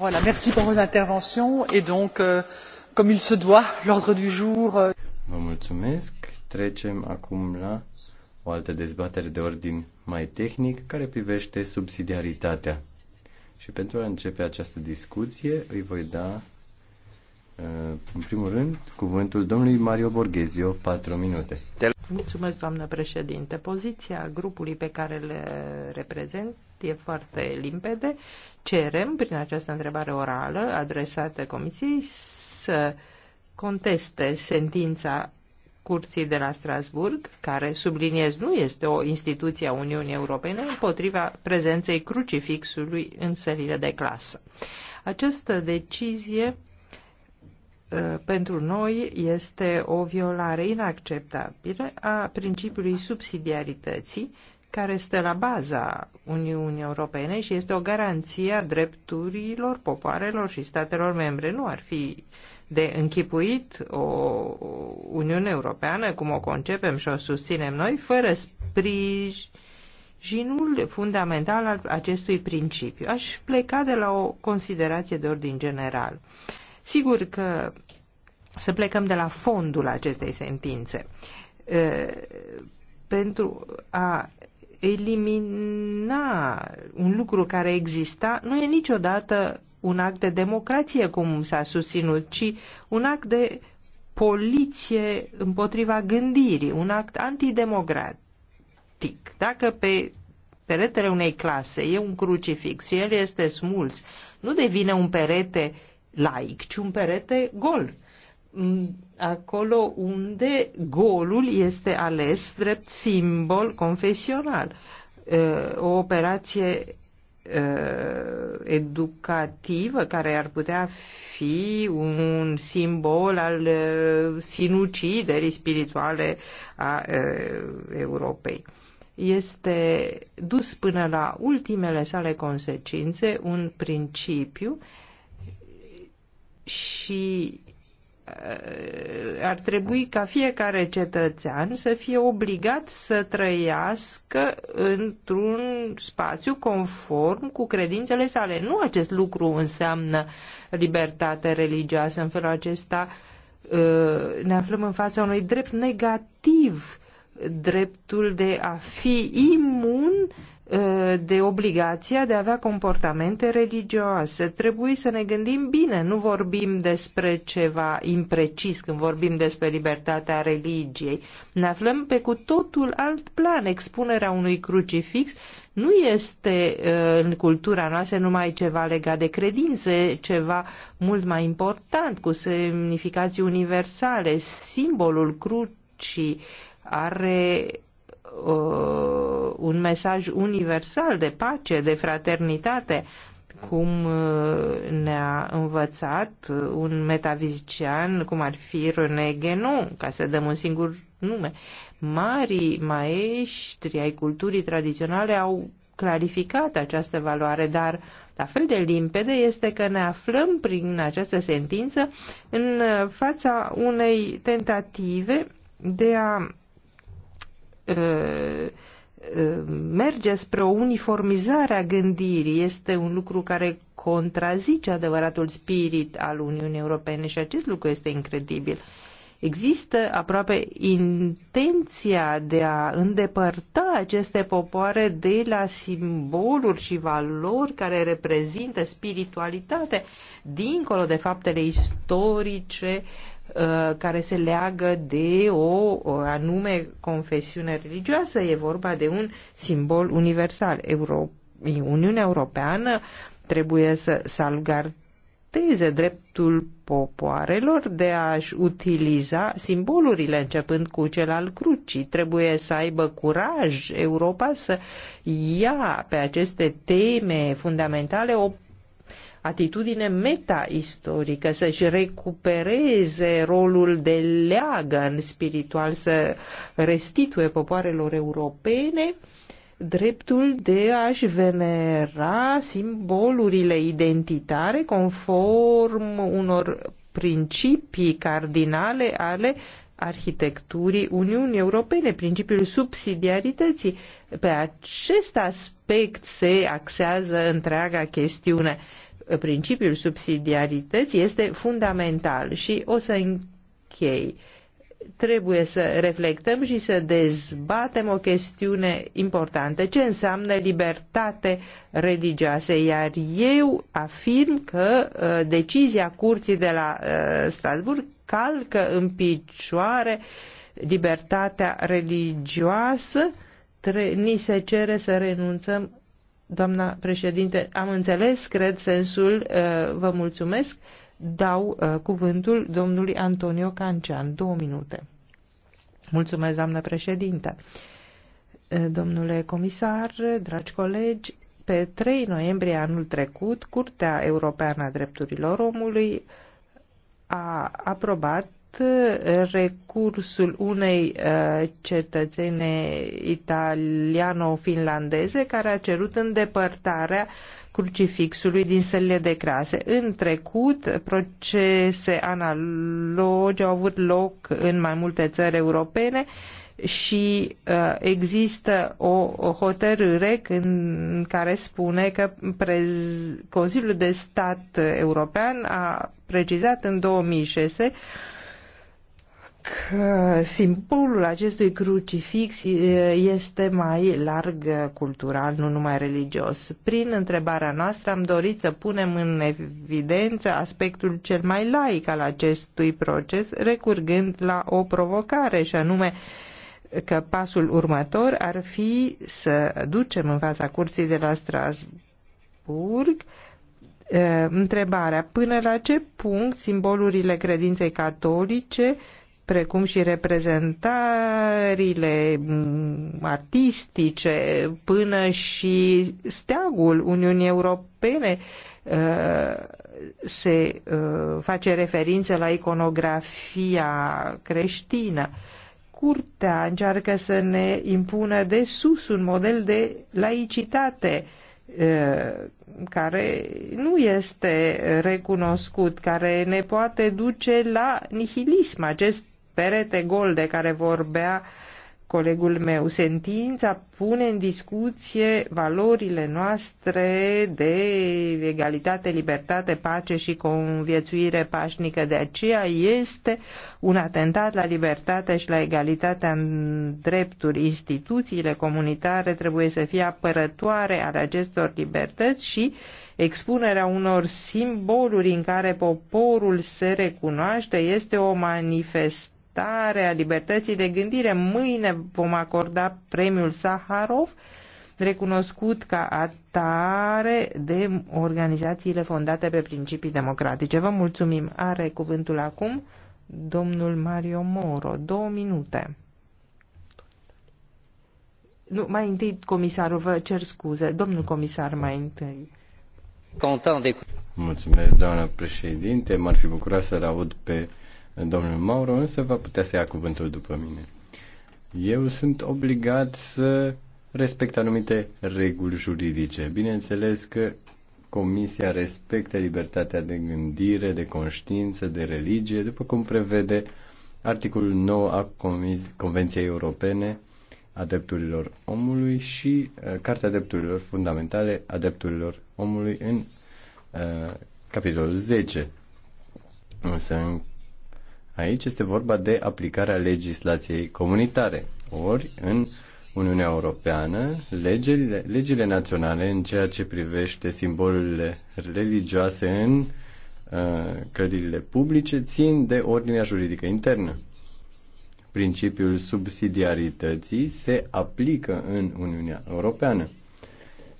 Voilà, merci pour vos interventions et donc, euh, comme il se doit, l'ordre du jour. Euh, Vă mulțumesc. Trecem acum la o altă dezbatere de ordin mai tehnic care privește subsidiaritatea. Și pentru a începe această discuție, îi voi da, uh, în primul rând, cuvântul domnului Mario Borghezio, 4 minute. Mulțumesc, doamnă președinte. Poziția grupului pe care le reprezent e foarte limpede. Cerem, prin această întrebare orală adresată Comisiei, să conteste sentința Curții de la Strasburg, care, subliniez, nu este o instituție a Uniunii Europene, împotriva prezenței crucifixului în sălile de clasă. Această decizie uh, pentru noi este o violare inacceptabilă a principiului subsidiarității care stă la baza Uniunii Europene și este o garanție a drepturilor popoarelor și statelor membre. Nu ar fi de închipuit o Uniune Europeană, cum o concepem și o susținem noi, fără sprijinul fundamental al acestui principiu. Aș pleca de la o considerație de ordin general. Sigur că să plecăm de la fondul acestei sentințe. Pentru a elimina un lucru care exista nu e niciodată un act de democrație, cum s-a susținut, ci un act de poliție împotriva gândirii, un act antidemocratic. Dacă pe peretele unei clase e un crucifix și el este smuls, nu devine un perete laic, ci un perete gol acolo unde golul este ales drept simbol confesional. O operație educativă care ar putea fi un simbol al sinuciderii spirituale a Europei. Este dus până la ultimele sale consecințe un principiu și Uh, ar trebui ca fiecare cetățean să fie obligat să trăiască într-un spațiu conform cu credințele sale. Nu acest lucru înseamnă libertate religioasă. În felul acesta uh, ne aflăm în fața unui drept negativ dreptul de a fi im de obligația de a avea comportamente religioase. Trebuie să ne gândim bine, nu vorbim despre ceva imprecis când vorbim despre libertatea religiei. Ne aflăm pe cu totul alt plan. Expunerea unui crucifix nu este ă, în cultura noastră numai ceva legat de credințe, ceva mult mai important, cu semnificații universale. Simbolul crucii are uh, un mesaj universal de pace, de fraternitate, cum uh, ne-a învățat uh, un metafizician, cum ar fi René Guénon, ca să dăm un singur nume. Marii maestri ai culturii tradiționale au clarificat această valoare, dar la fel de limpede este că ne aflăm prin această sentință în uh, fața unei tentative de a merge spre o uniformizare a gândirii este un lucru care contrazice adevăratul spirit al Uniunii Europene și acest lucru este incredibil. Există aproape intenția de a îndepărta aceste popoare de la simboluri și valori care reprezintă spiritualitate, dincolo de faptele istorice Uh, care se leagă de o, o anume confesiune religioasă. E vorba de un simbol universal. Euro, Uniunea Europeană trebuie să salgarteze dreptul popoarelor de a-și utiliza simbolurile, începând cu cel al crucii. Trebuie să aibă curaj Europa să ia pe aceste teme fundamentale o atitudine meta-istorică, să-și recupereze rolul de leagăn spiritual, să restituie popoarelor europene dreptul de a-și venera simbolurile identitare conform unor principii cardinale ale arhitecturii Uniunii Europene, principiul subsidiarității. Pe acest aspect se axează întreaga chestiune principiul subsidiarității este fundamental și o să închei. Trebuie să reflectăm și să dezbatem o chestiune importantă. Ce înseamnă libertate religioasă? Iar eu afirm că uh, decizia curții de la uh, Strasburg calcă în picioare libertatea religioasă. ni se cere să renunțăm Doamna președinte, am înțeles, cred, sensul, uh, vă mulțumesc. Dau uh, cuvântul domnului Antonio Cancean. Două minute. Mulțumesc, doamna președinte. Uh, domnule comisar, dragi colegi, pe 3 noiembrie anul trecut, Curtea Europeană a Drepturilor Omului a aprobat Eh, recursul unei eh, cetățene italiano-finlandeze care a cerut îndepărtarea crucifixului din sălile de crase. În trecut, procese analoge au avut loc în mai multe țări europene și uh, există o, o hotărâre în care spune că Consiliul de Stat European a precizat în 2006 că simbolul acestui crucifix este mai larg cultural, nu numai religios. Prin întrebarea noastră am dorit să punem în evidență aspectul cel mai laic al acestui proces, recurgând la o provocare, și anume că pasul următor ar fi să ducem în fața curții de la Strasburg întrebarea până la ce punct simbolurile credinței catolice uh, precum și reprezentările mm, artistice, până și steagul Uniunii Europene uh, se uh, face referință la iconografia creștină. Curtea încearcă să ne impună de sus un model de laicitate uh, care nu este recunoscut, care ne poate duce la nihilism. Acest perete gol de care vorbea colegul meu. Sentința pune în discuție valorile noastre de egalitate, libertate, pace și conviețuire pașnică. De aceea este un atentat la libertate și la egalitatea în drepturi. Instituțiile comunitare trebuie să fie apărătoare ale acestor libertăți și expunerea unor simboluri în care poporul se recunoaște este o manifestare respectare a libertății de gândire. Mâine vom acorda premiul Saharov, recunoscut ca atare de organizațiile fondate pe principii democratice. Vă mulțumim. Are cuvântul acum domnul Mario Moro. Două minute. Nu, mai întâi, comisarul, vă cer scuze. Domnul comisar, mai întâi. Contant de... Mulțumesc, doamnă președinte. M-ar fi bucurat să-l aud pe Domnul Mauro însă va putea să ia cuvântul după mine. Eu sunt obligat să respect anumite reguli juridice. Bineînțeles că Comisia respectă libertatea de gândire, de conștiință, de religie, după cum prevede articolul 9 a Convenției Europene a Drepturilor Omului și uh, Cartea Drepturilor Fundamentale a Drepturilor Omului în uh, capitolul 10. Însă în Aici este vorba de aplicarea legislației comunitare. Ori, în Uniunea Europeană, legile, legile naționale în ceea ce privește simbolurile religioase în uh, clădirile publice țin de ordinea juridică internă. Principiul subsidiarității se aplică în Uniunea Europeană.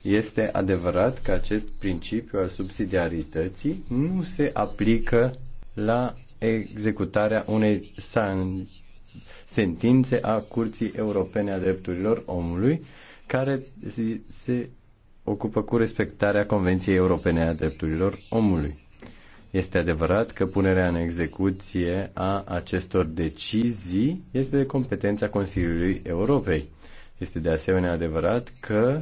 Este adevărat că acest principiu al subsidiarității nu se aplică la executarea unei sentințe a Curții Europene a Drepturilor Omului, care se ocupă cu respectarea Convenției Europene a Drepturilor Omului. Este adevărat că punerea în execuție a acestor decizii este de competența Consiliului Europei. Este de asemenea adevărat că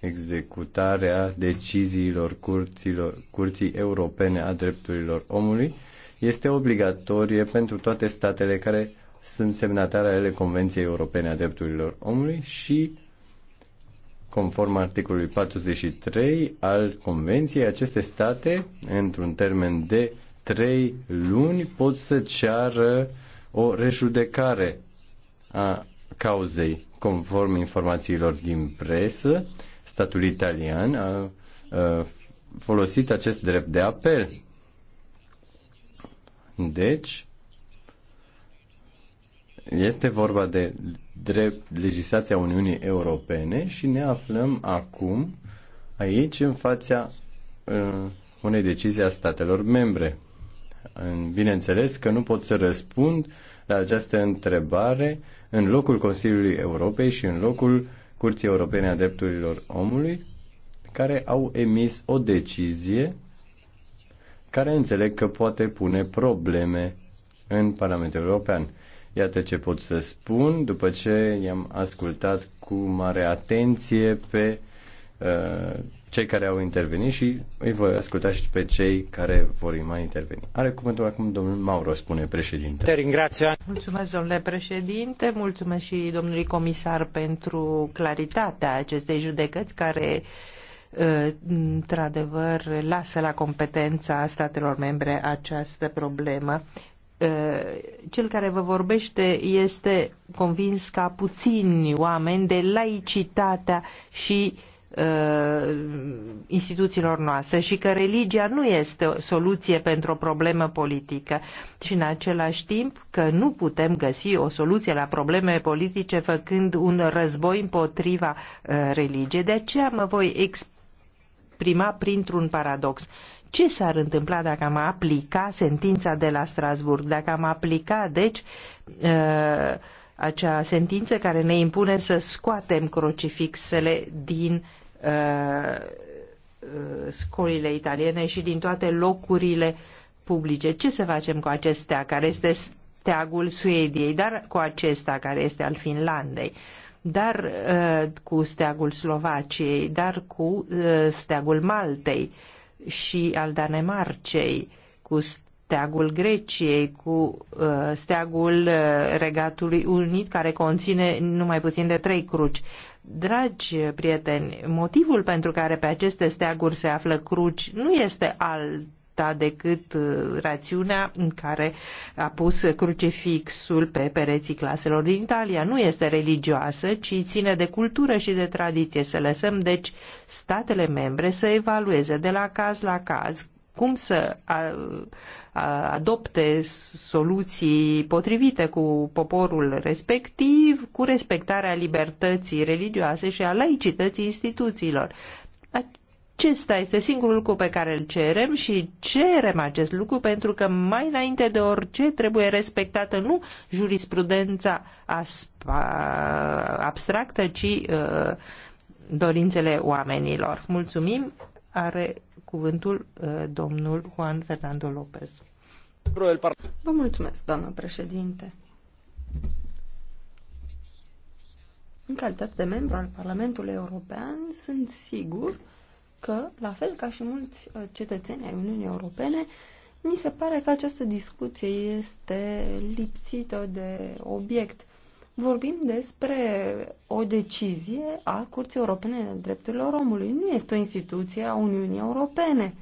executarea deciziilor curților, Curții Europene a Drepturilor Omului este obligatorie pentru toate statele care sunt semnatare ale Convenției Europene a Drepturilor Omului și, conform articolului 43 al Convenției, aceste state, într-un termen de trei luni, pot să ceară o rejudecare a cauzei. Conform informațiilor din presă, statul italian a, a folosit acest drept de apel deci, este vorba de drept, legislația Uniunii Europene și ne aflăm acum aici în fața uh, unei decizii a statelor membre. Bineînțeles că nu pot să răspund la această întrebare în locul Consiliului Europei și în locul Curții Europene a Drepturilor Omului, care au emis o decizie care înțeleg că poate pune probleme în Parlamentul European. Iată ce pot să spun după ce i-am ascultat cu mare atenție pe uh, cei care au intervenit și îi voi asculta și pe cei care vor mai interveni. Are cuvântul acum domnul Mauro, spune președinte. Te Mulțumesc, domnule președinte, mulțumesc și domnului comisar pentru claritatea acestei judecăți care uh, într-adevăr, lasă la competența statelor membre această problemă. Cel care vă vorbește este convins ca puțini oameni de laicitatea și instituțiilor noastre și că religia nu este o soluție pentru o problemă politică și în același timp că nu putem găsi o soluție la probleme politice făcând un război împotriva religiei. De aceea mă voi explica prima printr-un paradox. Ce s-ar întâmpla dacă am aplica sentința de la Strasburg? Dacă am aplica, deci, uh, acea sentință care ne impune să scoatem crucifixele din scolile uh, uh, italiene și din toate locurile publice. Ce să facem cu acestea care este steagul Suediei, dar cu acesta care este al Finlandei? Uh, dar uh, cu steagul Slovaciei, dar cu uh, steagul Maltei și al Danemarcei, cu steagul Greciei, cu uh, steagul Regatului Unit, care conține numai puțin de trei cruci. Dragi prieteni, motivul pentru care pe aceste steaguri se află cruci nu este alt dreapta decât uh, rațiunea în care a pus crucifixul pe pereții claselor din Italia. Nu este religioasă, ci ține de cultură și de tradiție. Să lăsăm, deci, statele membre să evalueze de la caz la caz cum să adopte soluții potrivite cu poporul respectiv, cu respectarea libertății religioase și a laicității instituțiilor. Acesta este singurul lucru pe care îl cerem și cerem acest lucru pentru că mai înainte de orice trebuie respectată nu jurisprudența abstractă, ci uh, dorințele oamenilor. Mulțumim. Are cuvântul uh, domnul Juan Fernando López. Vă mulțumesc, doamnă președinte. În calitate de membru al Parlamentului European, sunt sigur că, la fel ca și mulți uh, cetățeni ai Uniunii Europene, mi se pare că această discuție este lipsită de obiect. Vorbim despre o decizie a Curții Europene de Drepturilor Omului. Nu este o instituție a Uniunii Europene.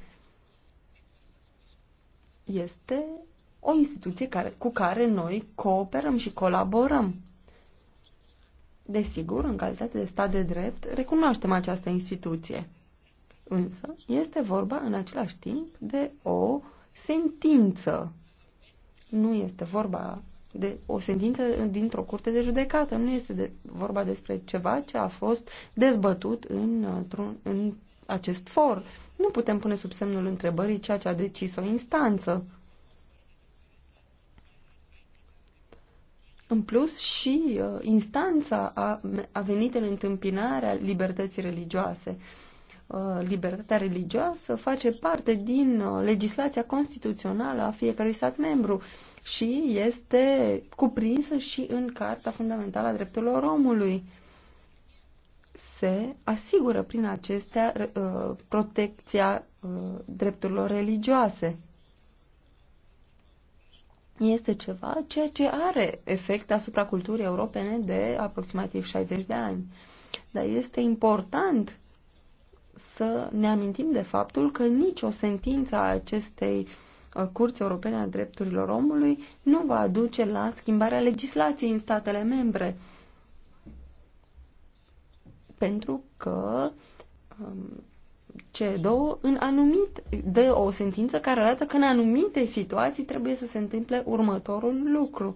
Este o instituție care, cu care noi cooperăm și colaborăm. Desigur, în calitate de stat de drept, recunoaștem această instituție. Însă este vorba în același timp de o sentință. Nu este vorba de o sentință dintr-o curte de judecată, nu este de, vorba despre ceva ce a fost dezbătut în, în acest for. Nu putem pune sub semnul întrebării ceea ce a decis o instanță. În plus, și uh, instanța a, a venit în întâmpinarea libertății religioase. Uh, Uh, libertatea religioasă face parte din uh, legislația constituțională a fiecărui stat membru și este cuprinsă și în Carta Fundamentală a Drepturilor Omului. Se asigură prin acestea uh, protecția drepturilor religioase. Este ceva ceea ce are efect asupra culturii europene de aproximativ 60 de ani. Dar este important să ne amintim de faptul că nicio sentință a acestei uh, Curți Europene a Drepturilor Omului nu va aduce la schimbarea legislației în statele membre. Pentru că um, două în anumit, de o sentință care arată că în anumite situații trebuie să se întâmple următorul lucru.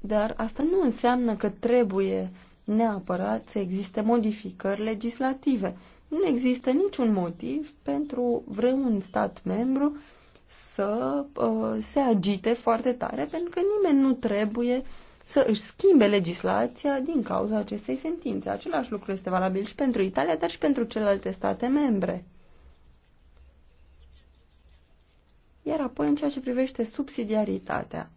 Dar asta nu înseamnă că trebuie uh, neapărat să existe modificări legislative. Nu există niciun motiv pentru vreun stat membru să uh, se agite foarte tare, pentru că nimeni nu trebuie să își schimbe legislația din cauza acestei sentințe. Același lucru este valabil și pentru Italia, dar și pentru celelalte state membre. Iar apoi, în ceea ce privește subsidiaritatea,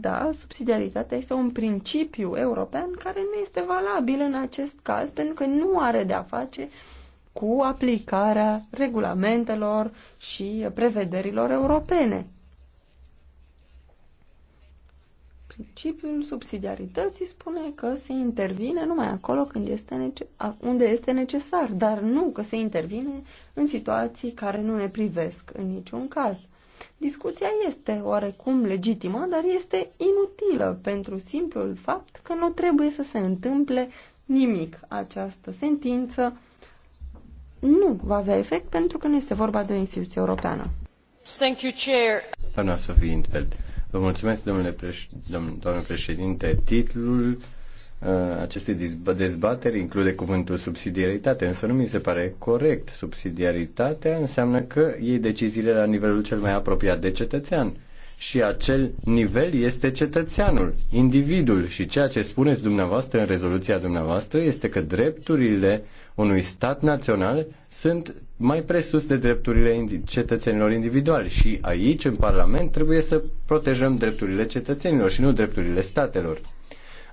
da, subsidiaritatea este un principiu european care nu este valabil în acest caz pentru că nu are de-a face cu aplicarea regulamentelor și prevederilor europene. Principiul subsidiarității spune că se intervine numai acolo când este unde este necesar, dar nu că se intervine în situații care nu ne privesc în niciun caz. Discuția este oarecum legitimă, dar este inutilă pentru simplul fapt că nu trebuie să se întâmple nimic. Această sentință nu va avea efect pentru că nu este vorba de o instituție europeană. Thank you, Chair. Doamna Sofie Intveld, vă mulțumesc, domnule, domnule președinte. Titlul Uh, aceste dezbateri include cuvântul subsidiaritate, însă nu mi se pare corect. Subsidiaritatea înseamnă că iei deciziile la nivelul cel mai apropiat de cetățean. Și acel nivel este cetățeanul, individul. Și ceea ce spuneți dumneavoastră în rezoluția dumneavoastră este că drepturile unui stat național sunt mai presus de drepturile cetățenilor individuali. Și aici, în Parlament, trebuie să protejăm drepturile cetățenilor și nu drepturile statelor.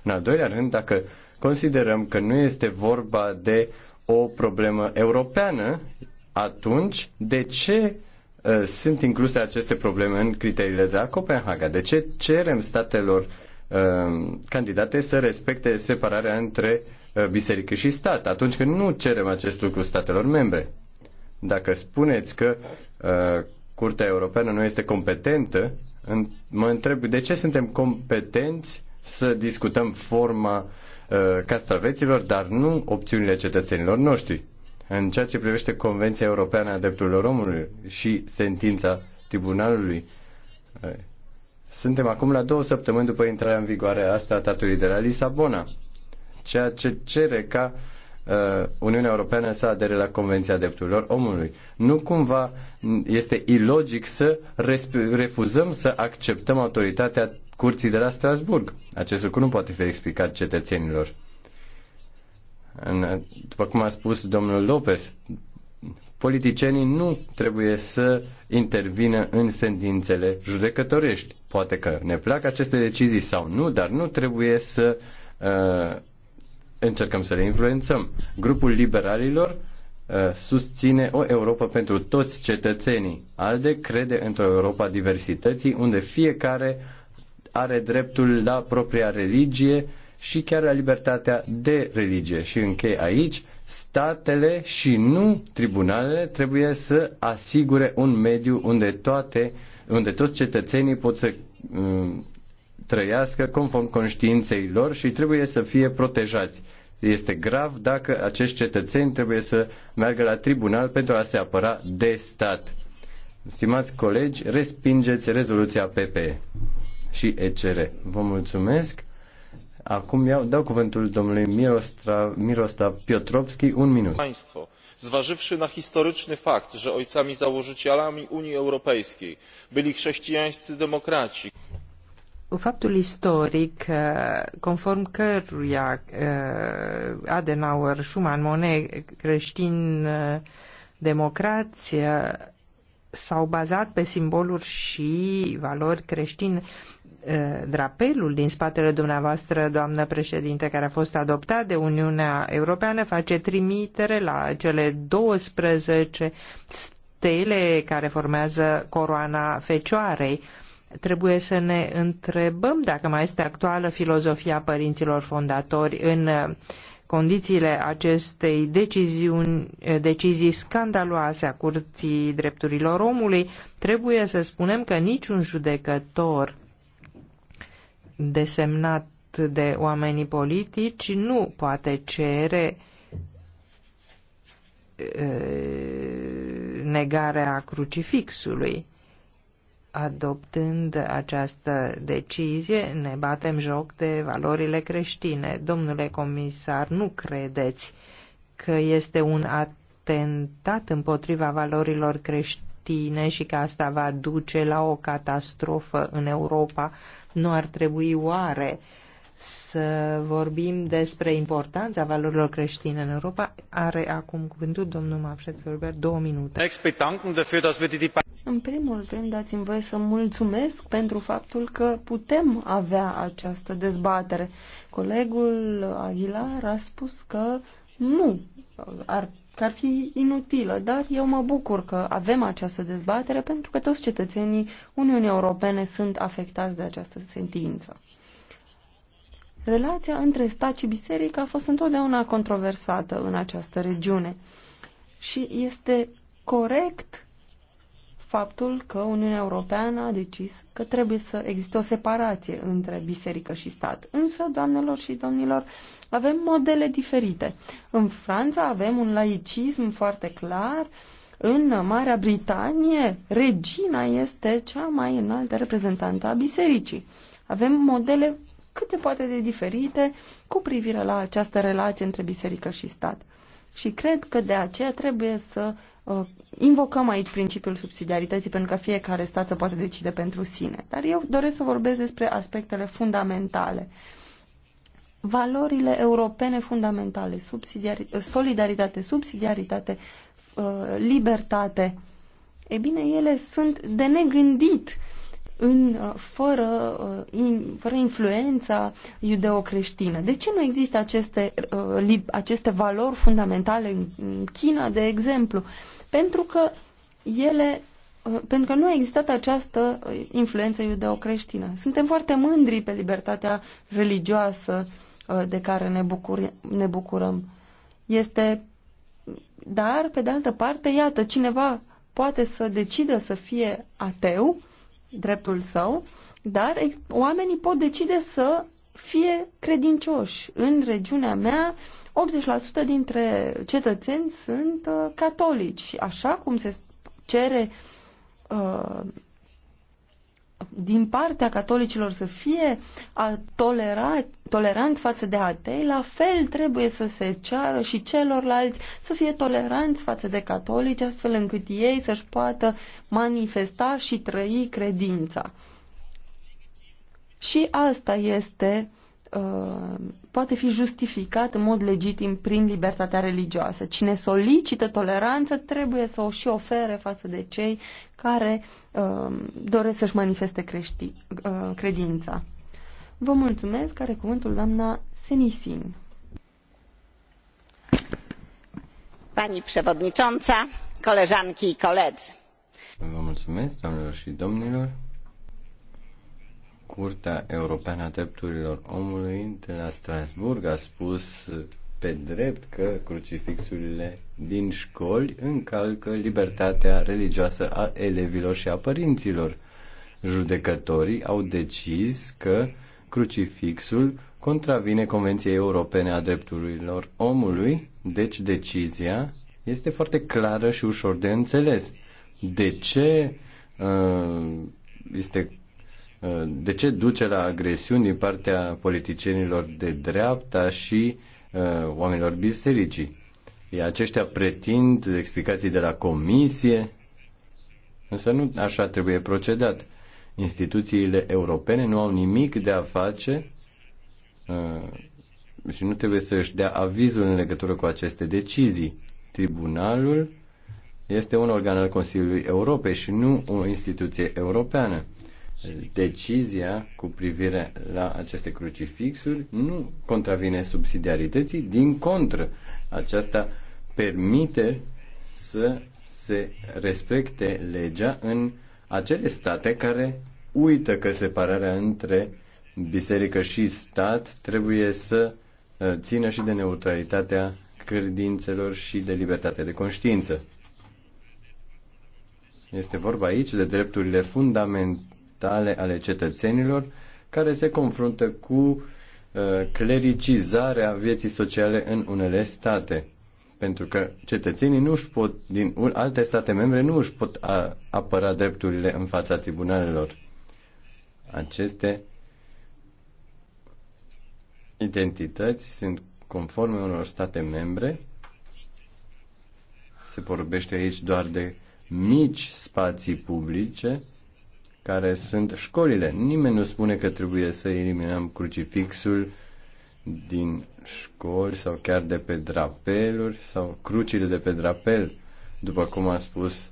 În al doilea rând, dacă considerăm că nu este vorba de o problemă europeană, atunci de ce uh, sunt incluse aceste probleme în criteriile de la Copenhaga? De ce cerem statelor uh, candidate să respecte separarea între uh, biserică și stat, atunci când nu cerem acest lucru statelor membre? Dacă spuneți că uh, Curtea Europeană nu este competentă, în, mă întreb de ce suntem competenți să discutăm forma uh, castraveților, dar nu opțiunile cetățenilor noștri. În ceea ce privește Convenția Europeană a Drepturilor Omului și sentința Tribunalului, uh, suntem acum la două săptămâni după intrarea în vigoare a statului de la Lisabona, ceea ce cere ca uh, Uniunea Europeană să adere la Convenția Drepturilor Omului. Nu cumva este ilogic să refuzăm să acceptăm autoritatea curții de la Strasburg. Acest lucru nu poate fi explicat cetățenilor. În, după cum a spus domnul Lopez, politicienii nu trebuie să intervină în sentințele judecătorești. Poate că ne plac aceste decizii sau nu, dar nu trebuie să uh, încercăm să le influențăm. Grupul liberalilor uh, susține o Europa pentru toți cetățenii. ALDE crede într-o Europa diversității unde fiecare uh, are dreptul la propria religie și chiar la libertatea de religie. Și închei aici, statele și nu tribunalele trebuie să asigure un mediu unde toate, unde toți cetățenii pot să um, trăiască conform conștiinței lor și trebuie să fie protejați. Este grav dacă acești cetățeni trebuie să meargă la tribunal pentru a se apăra de stat. Stimați colegi, respingeți rezoluția PPE și ECR. Vă mulțumesc. Acum iau, dau cuvântul domnului Mirostav, Mirostav Piotrowski, un minut. Państwo, zważywszy na historyczny fakt, że ojcami założycielami Unii Europejskiej byli chrześcijańscy demokraci. Faptul istoric conform căruia Adenauer, Schumann, Monet, creștin, democrație, s-au bazat pe simboluri și valori creștine drapelul din spatele dumneavoastră, doamnă președinte, care a fost adoptat de Uniunea Europeană, face trimitere la cele 12 stele care formează coroana fecioarei. Trebuie să ne întrebăm dacă mai este actuală filozofia părinților fondatori în condițiile acestei deciziuni, decizii scandaloase a Curții Drepturilor Omului, trebuie să spunem că niciun judecător desemnat de oamenii politici nu poate cere negarea crucifixului. Adoptând această decizie, ne batem joc de valorile creștine. Domnule comisar, nu credeți că este un atentat împotriva valorilor creștine? tine și că asta va duce la o catastrofă în Europa, nu ar trebui oare să vorbim despre importanța valorilor creștine în Europa. Are acum cuvântul domnul Manfred Ferber, două minute. În primul rând, dați-mi voie să mulțumesc pentru faptul că putem avea această dezbatere. Colegul Aguilar a spus că nu ar că ar fi inutilă, dar eu mă bucur că avem această dezbatere pentru că toți cetățenii Uniunii Europene sunt afectați de această sentință. Relația între stat și biserică a fost întotdeauna controversată în această regiune și este corect faptul că Uniunea Europeană a decis că trebuie să existe o separație între biserică și stat. Însă, doamnelor și domnilor, avem modele diferite. În Franța avem un laicism foarte clar, în Marea Britanie regina este cea mai înaltă reprezentantă a bisericii. Avem modele câte poate de diferite cu privire la această relație între biserică și stat. Și cred că de aceea trebuie să Uh, invocăm aici principiul subsidiarității pentru că fiecare stat să poate decide pentru sine. Dar eu doresc să vorbesc despre aspectele fundamentale. Valorile europene fundamentale, subsidiari solidaritate, subsidiaritate, uh, libertate, e bine, ele sunt de negândit în, uh, fără, uh, in, fără influența iudeocreștină. De ce nu există aceste, uh, aceste valori fundamentale în China, de exemplu? Pentru că ele pentru că nu a existat această influență iudeocreștină. Suntem foarte mândri pe libertatea religioasă de care ne, bucur, ne bucurăm. Este, dar, pe de altă parte, iată, cineva poate să decidă să fie ateu dreptul său, dar oamenii pot decide să fie credincioși. În regiunea mea, 80% dintre cetățeni sunt uh, catolici, așa cum se cere uh, din partea catolicilor să fie a tolera, toleranți față de atei, la fel trebuie să se ceară și celorlalți să fie toleranți față de catolici, astfel încât ei să-și poată manifesta și trăi credința. Și asta este uh, poate fi justificat în mod legitim prin libertatea religioasă. Cine solicită toleranță trebuie să o și ofere față de cei care uh, doresc să-și manifeste crești, uh, credința. Vă mulțumesc, are cuvântul doamna Senisin. Pani przewodnicząca, koleżanki i koledzy. Vă mulțumesc, doamnelor și domnilor. Curtea Europeană a Drepturilor Omului de la Strasburg a spus pe drept că crucifixurile din școli încalcă libertatea religioasă a elevilor și a părinților. Judecătorii au decis că crucifixul contravine Convenției Europene a Drepturilor Omului, deci decizia este foarte clară și ușor de înțeles. De ce uh, este uh, de ce duce la agresiuni din partea politicienilor de dreapta și Uh, oamenilor bisericii. Iar aceștia pretind explicații de la comisie, însă nu așa trebuie procedat. Instituțiile europene nu au nimic de a face uh, și nu trebuie să-și dea avizul în legătură cu aceste decizii. Tribunalul este un organ al Consiliului Europei și nu o instituție europeană decizia cu privire la aceste crucifixuri nu contravine subsidiarității, din contră, aceasta permite să se respecte legea în acele state care uită că separarea între biserică și stat trebuie să uh, țină și de neutralitatea credințelor și de libertatea de conștiință. Este vorba aici de drepturile fundamentale tale ale cetățenilor care se confruntă cu uh, clericizarea vieții sociale în unele state. Pentru că cetățenii nu își pot, din alte state membre nu își pot a, apăra drepturile în fața tribunalelor. Aceste identități sunt conforme unor state membre. Se vorbește aici doar de mici spații publice care sunt școlile. Nimeni nu spune că trebuie să eliminăm crucifixul din școli sau chiar de pe drapeluri sau crucile de pe drapel, după cum a spus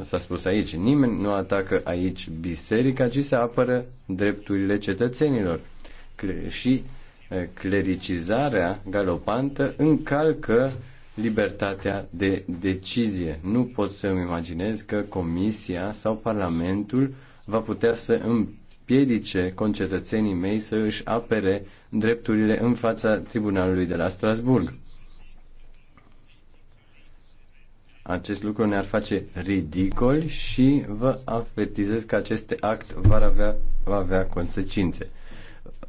s-a spus aici. Nimeni nu atacă aici biserica, ci se apără drepturile cetățenilor. Și eh, clericizarea galopantă încalcă libertatea de decizie. Nu pot să îmi imaginez că Comisia sau Parlamentul va putea să împiedice concetățenii mei să își apere drepturile în fața Tribunalului de la Strasburg. Acest lucru ne-ar face ridicol și vă avertizez că acest act va avea, va avea consecințe.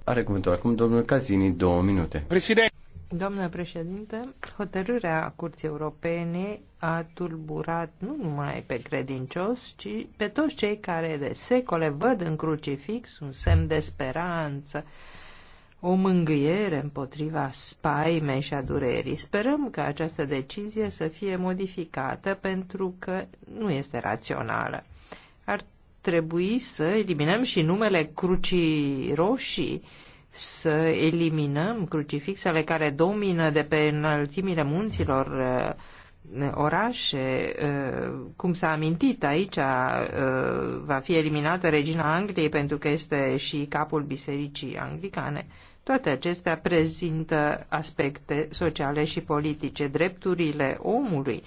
Are cuvântul acum domnul Casini, două minute. Președinte. Domnule președinte, hotărârea Curții Europene a tulburat nu numai pe credincios, ci pe toți cei care de secole văd în crucifix un semn de speranță, o mângâiere împotriva spaimei și a durerii. Sperăm că această decizie să fie modificată pentru că nu este rațională. Ar trebui să eliminăm și numele Crucii Roșii, să eliminăm crucifixele care domină de pe înălțimile munților uh, orașe, uh, cum s-a amintit aici, uh, va fi eliminată regina Angliei pentru că este și capul bisericii anglicane. Toate acestea prezintă aspecte sociale și politice, drepturile omului.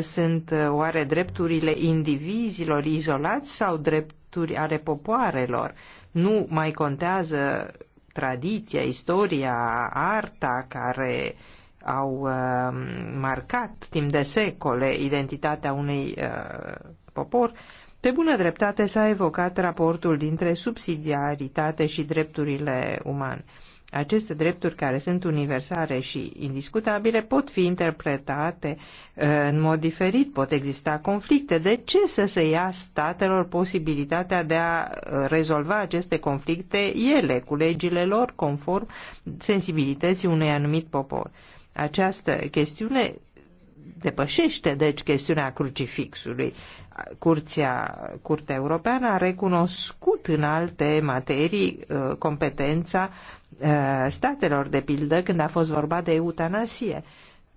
Sunt oare drepturile indivizilor izolați sau drepturi ale popoarelor? Nu mai contează tradiția, istoria, arta care au uh, marcat timp de secole identitatea unui uh, popor, pe bună dreptate s-a evocat raportul dintre subsidiaritate și drepturile umane. Aceste drepturi care sunt universale și indiscutabile pot fi interpretate uh, în mod diferit, pot exista conflicte. De ce să se ia statelor posibilitatea de a uh, rezolva aceste conflicte ele, cu legile lor, conform sensibilității unui anumit popor? Această chestiune depășește, deci, chestiunea crucifixului. Curția, Curtea Europeană a recunoscut în alte materii uh, competența Eh, statelor, de pildă, când a fost vorba de eutanasie.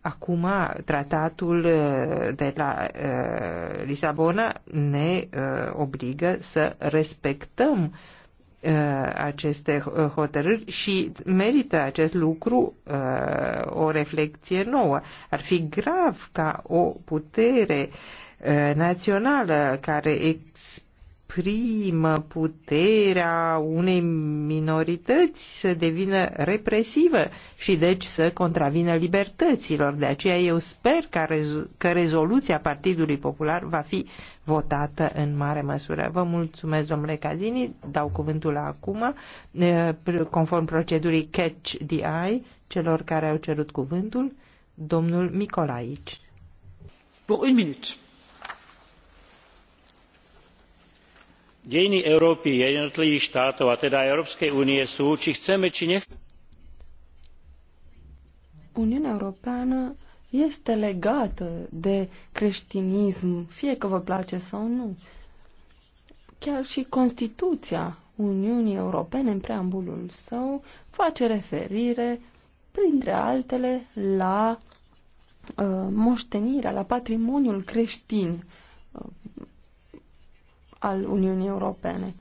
Acum, tratatul eh, de la eh, Lisabona ne obligă să respectăm aceste hotărâri și merită acest lucru o reflecție nouă. Ar fi grav ca o putere națională care exp- exprimă puterea unei minorități să devină represivă și deci să contravină libertăților. De aceea eu sper că, rezo- că rezoluția Partidului Popular va fi votată în mare măsură. Vă mulțumesc, domnule Cazini, dau cuvântul acum, conform procedurii Catch the Eye, celor care au cerut cuvântul, domnul Micolaici. Pour une minute. dejiny európy jej jednotlivých štátov a teda aj európskej únie sú či chceme či Uniunea Europeană este legată de creștinism, fie că vă place sau nu. Chiar și Constituția Uniunii Europene, în preambulul său, face referire, printre altele, la uh, moștenirea, la patrimoniul creștin. Uh, al Uniunii Europene.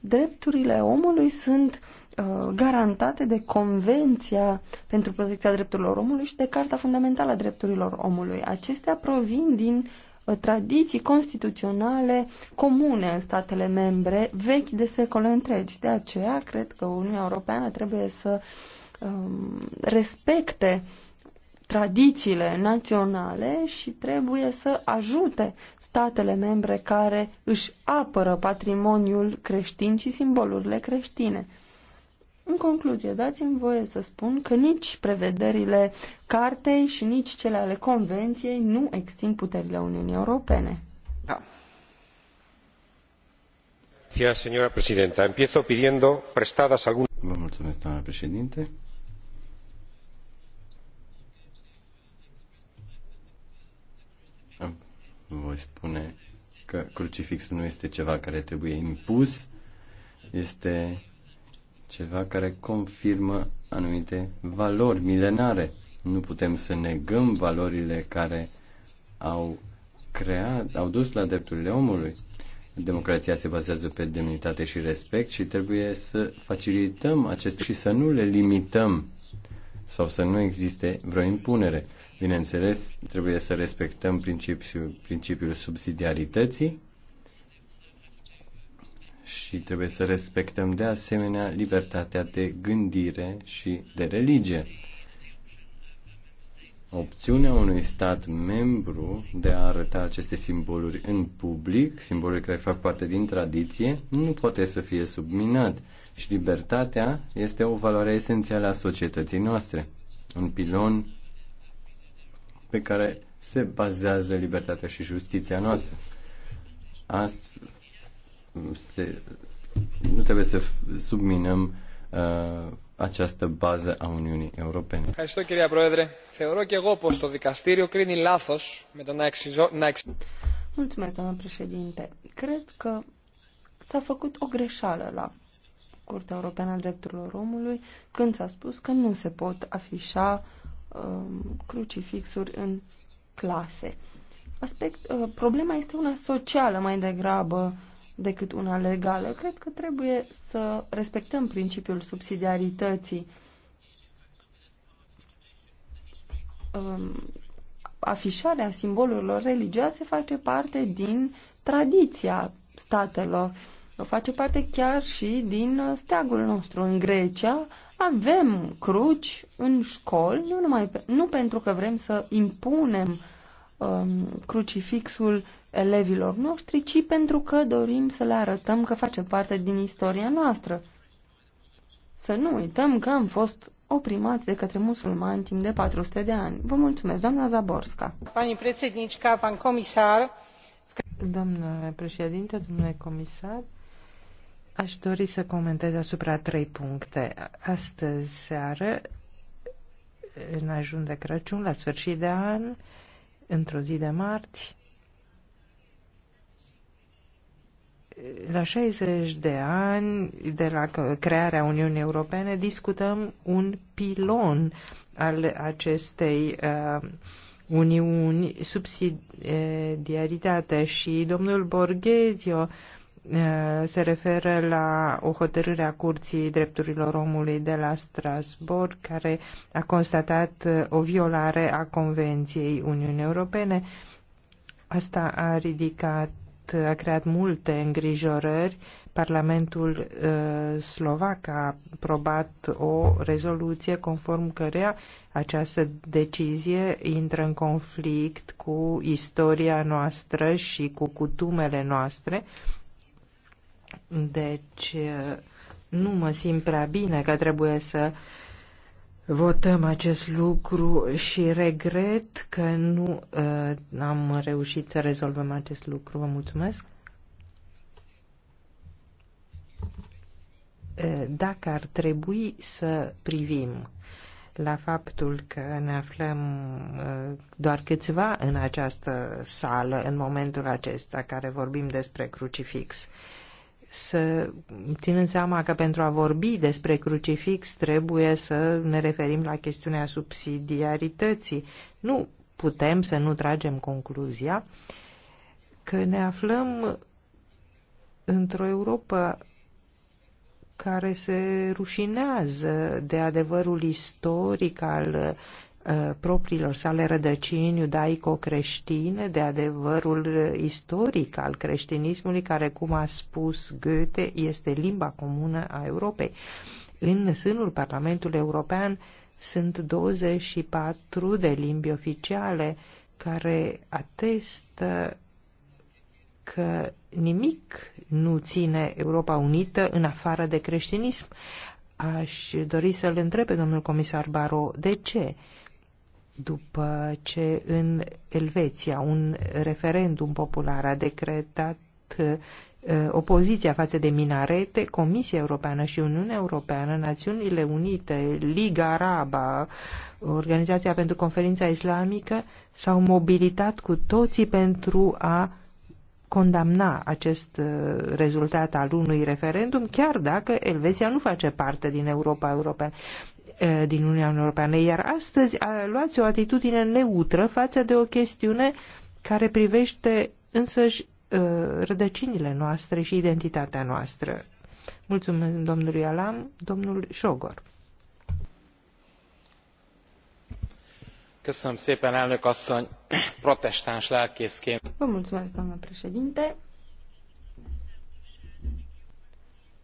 Drepturile omului sunt uh, garantate de Convenția pentru protecția drepturilor omului și de Carta Fundamentală a Drepturilor Omului. Acestea provin din uh, tradiții constituționale comune în statele membre, vechi de secole întregi. De aceea, cred că Uniunea Europeană trebuie să um, respecte uh, tradițiile naționale și trebuie să ajute statele membre care își apără patrimoniul creștin și simbolurile creștine. În concluzie, dați-mi voie să spun că nici prevederile cartei și nici cele ale convenției nu extind puterile Uniunii Europene. Da. Señora presidenta, empiezo pidiendo prestadas algunas. Vă mulțumesc, doamna președinte. voi spune că crucifixul nu este ceva care trebuie impus, este ceva care confirmă anumite valori milenare. Nu putem să negăm valorile care au creat, au dus la drepturile omului. Democrația se bazează pe demnitate și respect și trebuie să facilităm acest și să nu le limităm sau să nu existe vreo impunere. Bineînțeles, trebuie să respectăm principiul, principiul subsidiarității și trebuie să respectăm de asemenea libertatea de gândire și de religie. Opțiunea unui stat membru de a arăta aceste simboluri în public, simboluri care fac parte din tradiție, nu poate să fie subminat și libertatea este o valoare esențială a societății noastre, un pilon pe care se bazează libertatea și justiția noastră. Astfel, se, nu trebuie să subminăm uh, această bază a Uniunii Europene. Ευχαριστώ κυρία Πρόεδρε. Θεωρώ και εγώ πως το δικαστήριο κρίνει λάθος με το να Mulțumesc, doamnă președinte. Cred că s-a făcut o greșeală la Curtea Europeană a Drepturilor Omului când s-a spus că nu se pot afișa um, crucifixuri în clase. Aspect, uh, problema este una socială mai degrabă decât una legală. Cred că trebuie să respectăm principiul subsidiarității. Um, afișarea simbolurilor religioase face parte din tradiția statelor. Uh, face parte chiar și din uh, steagul nostru. În Grecia avem cruci în școli, nu, numai, nu pentru că vrem să impunem um, crucifixul elevilor noștri, ci pentru că dorim să le arătăm că face parte din istoria noastră. Să nu uităm că am fost oprimați de către musulmani timp de 400 de ani. Vă mulțumesc, doamna Zaborska. Pani predsednička, pan comisar. Doamnă președinte, domnule comisar, Aș dori să comentez asupra trei puncte. Astăzi seară, în ajun de Crăciun, la sfârșit de an, într-o zi de marți, la 60 de ani de la crearea Uniunii Europene, discutăm un pilon al acestei uh, uniuni, subsidiaritate și domnul Borghezio uh, Eh, se referă la o hotărâre a Curții Drepturilor Omului de la Strasbourg care a constatat eh, o violare a Convenției Uniunii Europene. Asta a ridicat, a creat multe îngrijorări. Parlamentul uh, slovac a aprobat o rezoluție conform cărea această decizie intră în conflict cu istoria noastră și cu cutumele noastre. Uh, deci nu mă simt prea bine că trebuie să votăm acest lucru și regret că nu uh, am reușit să rezolvăm acest lucru. Vă mulțumesc. Uh, dacă ar trebui să privim la faptul că ne aflăm uh, doar câțiva în această sală în momentul acesta care vorbim despre crucifix, să ținând seama că pentru a vorbi despre crucifix trebuie să ne referim la chestiunea subsidiarității. Nu putem să nu tragem concluzia că ne aflăm într-o Europa care se rușinează de adevărul istoric al Uh, propriilor sale rădăcini iudaico-creștine, de adevărul istoric al creștinismului, care, cum a spus Goethe, este limba comună a Europei. În sânul Parlamentului European sunt 24 de limbi oficiale care atestă că nimic nu ține Europa Unită în afară de creștinism. Aș dori să-l întreb pe domnul comisar Baro de ce după ce în Elveția un referendum popular a decretat uh, opoziția față de minarete, Comisia Europeană și Uniunea Europeană, Națiunile Unite, Liga Araba, Organizația pentru Conferința Islamică s-au mobilitat cu toții pentru a condamna acest uh, rezultat al unui referendum, chiar dacă Elveția nu face parte din Europa Europeană. Eh, din Uniunea Europeană, iar astăzi luați o atitudine neutră față de o chestiune care privește însăși eh, rădăcinile noastre și identitatea noastră. Mulțumesc domnului Alam, domnul Șogor. Köszönöm szépen, elnök asszony, protestáns lelkészként. Vă mulțumesc, doamnă președinte.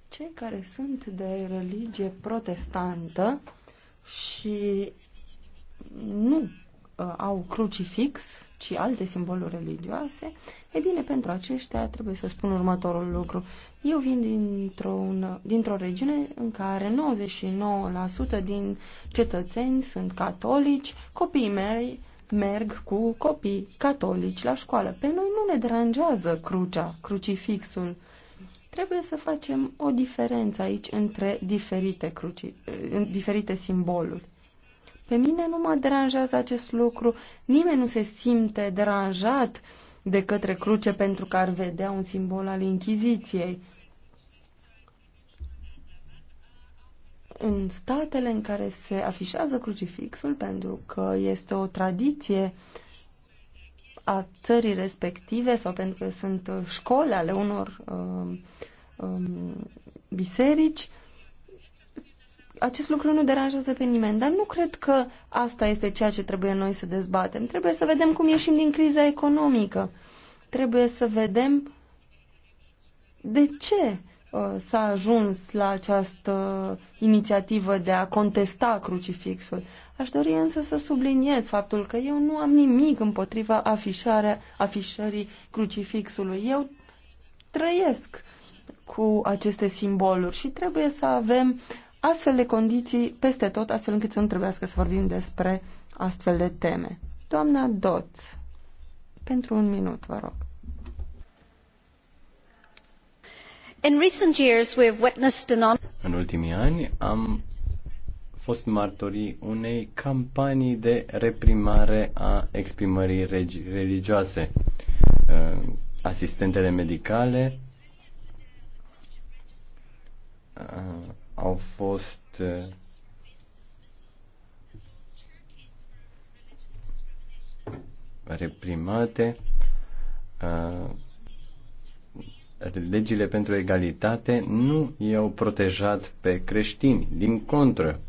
Cei care sunt de religie protestantă și nu uh, au crucifix, ci alte simboluri religioase, e bine, pentru aceștia trebuie să spun următorul lucru. Eu vin dintr-o, dintr-o regiune în care 99% din cetățeni sunt catolici, copiii mei merg cu copii catolici la școală. Pe noi nu ne deranjează crucea, crucifixul. Uh, Trebuie să facem o diferență aici între diferite, cruci, diferite simboluri. Pe mine nu mă deranjează acest lucru, nimeni nu se simte deranjat de către cruce pentru că ar vedea un simbol al Inchiziției. În statele în care se afișează crucifixul, pentru că este o tradiție uh, a țării respective sau pentru că sunt uh, școli ale unor um, um, biserici, acest lucru nu deranjează pe nimeni, dar nu cred că asta este ceea ce trebuie noi să dezbatem. Trebuie să vedem cum ieșim din criza economică. Trebuie să vedem de ce Uh, s-a ajuns la această inițiativă de a contesta crucifixul. Aș dori însă să subliniez faptul că eu nu am nimic împotriva afișarea, afișării crucifixului. Eu trăiesc cu aceste simboluri și trebuie să avem astfel de condiții peste tot, astfel încât să nu trebuiască să vorbim despre astfel de teme. Doamna Dot, pentru un minut, vă rog. In recent years we have witnessed an În ultimii ani am fost martorii unei campanii de reprimare a exprimării religioase. Uh, asistentele medicale uh, au fost uh, reprimate legile pentru egalitate nu i-au protejat pe creștini. Din contră,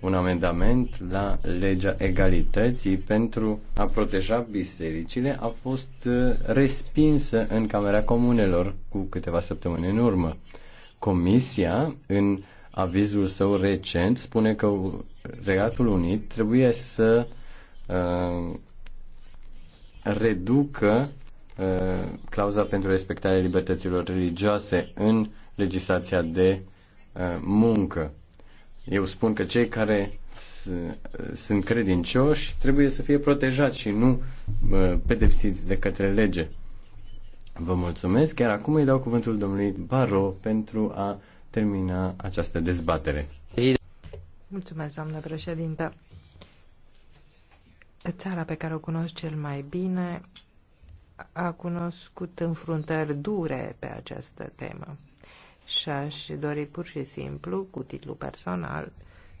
un amendament la legea egalității pentru a proteja bisericile a fost uh, respinsă în Camera Comunelor cu câteva săptămâni în urmă. Comisia, în avizul său recent, spune că Regatul Unit trebuie să uh, reducă Uh, clauza pentru respectarea libertăților religioase în legislația de uh, muncă. Eu spun că cei care uh, sunt credincioși trebuie să fie protejați și nu pedepsiți de către lege. Vă mulțumesc, iar acum îi dau cuvântul domnului Baro pentru a termina această dezbatere. Mulțumesc, doamnă președinte. Țara pe care o cunosc cel mai bine a cunoscut înfruntări dure pe această temă și aș dori pur și simplu, cu titlu personal,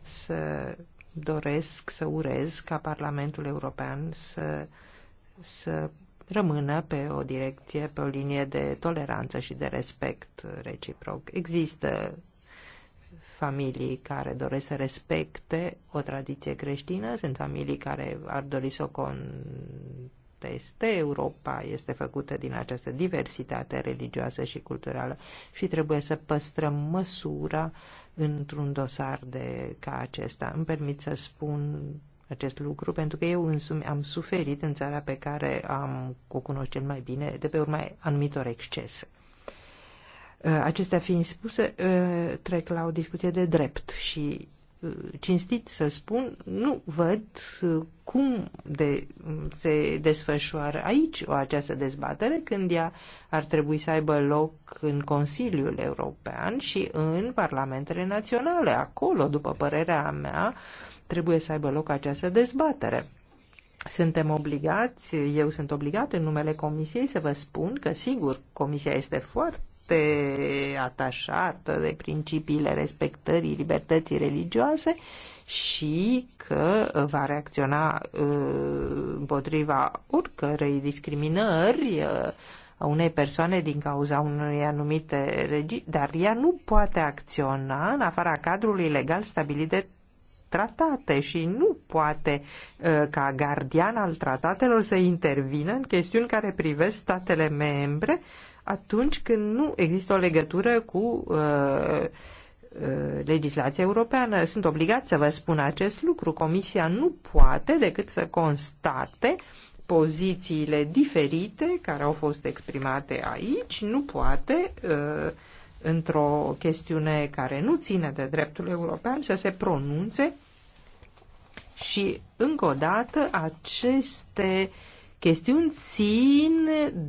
să doresc, să urez ca Parlamentul European să, să rămână pe o direcție, pe o linie de toleranță și de respect reciproc. Există familii care doresc să respecte o tradiție creștină, sunt familii care ar dori să o con este Europa, este făcută din această diversitate religioasă și culturală și trebuie să păstrăm măsura într-un dosar de ca acesta. Îmi permit să spun acest lucru, pentru că eu însumi am suferit în țara pe care am, o cunosc cel mai bine, de pe urma anumitor excese. Acestea fiind spuse, trec la o discuție de drept și cinstit să spun, nu văd uh, cum de, se desfășoară aici o această dezbatere când ea ar trebui să aibă loc în Consiliul European și în Parlamentele Naționale. Acolo, după părerea mea, trebuie să aibă loc această dezbatere. Suntem obligați, eu sunt obligat în numele Comisiei să vă spun că, sigur, Comisia este foarte foarte atașată de principiile respectării libertății religioase și că va reacționa uh, împotriva oricărei discriminări uh, a unei persoane din cauza unei anumite regi, dar ea nu poate acționa în afara cadrului legal stabilit de tratate și nu poate uh, ca gardian al tratatelor să intervină în chestiuni care privesc statele membre atunci când nu există o legătură cu uh, uh legislația europeană. Sunt obligat să vă spun acest lucru. Comisia nu poate decât să constate pozițiile diferite care au fost exprimate aici, nu poate uh, într-o chestiune care nu ține de dreptul european să se pronunțe și încă o dată aceste chestiuni țin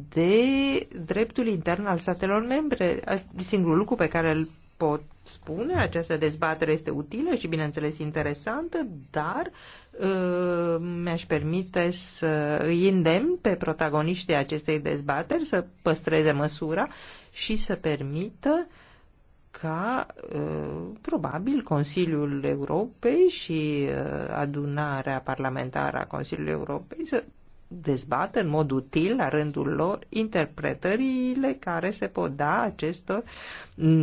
de dreptul intern al statelor membre. Singurul lucru pe care îl pot spune, această dezbatere este utilă și, bineînțeles, interesantă, dar uh, mi-aș permite să îi îndemn pe protagoniștii acestei dezbateri să păstreze măsura și să permită ca uh, probabil Consiliul Europei și uh, adunarea parlamentară a Consiliului Europei să dezbată în mod util, la rândul lor, interpretările care se pot da acestor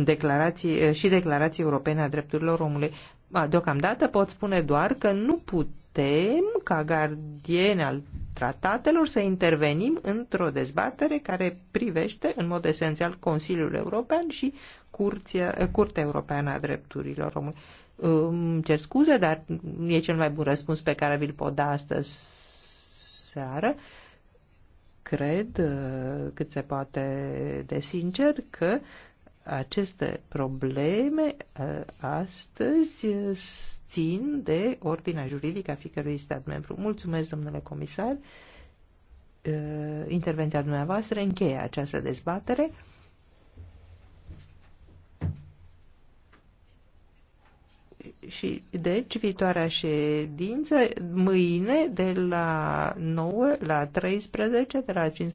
declarații și declarații europene a drepturilor omului. Deocamdată pot spune doar că nu putem, ca gardieni al tratatelor, să intervenim într-o dezbatere care privește, în mod esențial, Consiliul European și Curția, Curtea Europeană a Drepturilor Omului. Îmi cer scuze, dar e cel mai bun răspuns pe care vi-l pot da astăzi seară, cred uh, cât se poate de sincer că aceste probleme uh, astăzi uh, țin de ordinea juridică a fiecărui stat membru. Mulțumesc, domnule comisar. Intervenția dumneavoastră încheie această dezbatere. Și deci viitoarea ședință mâine de la 9 la 13, de la 15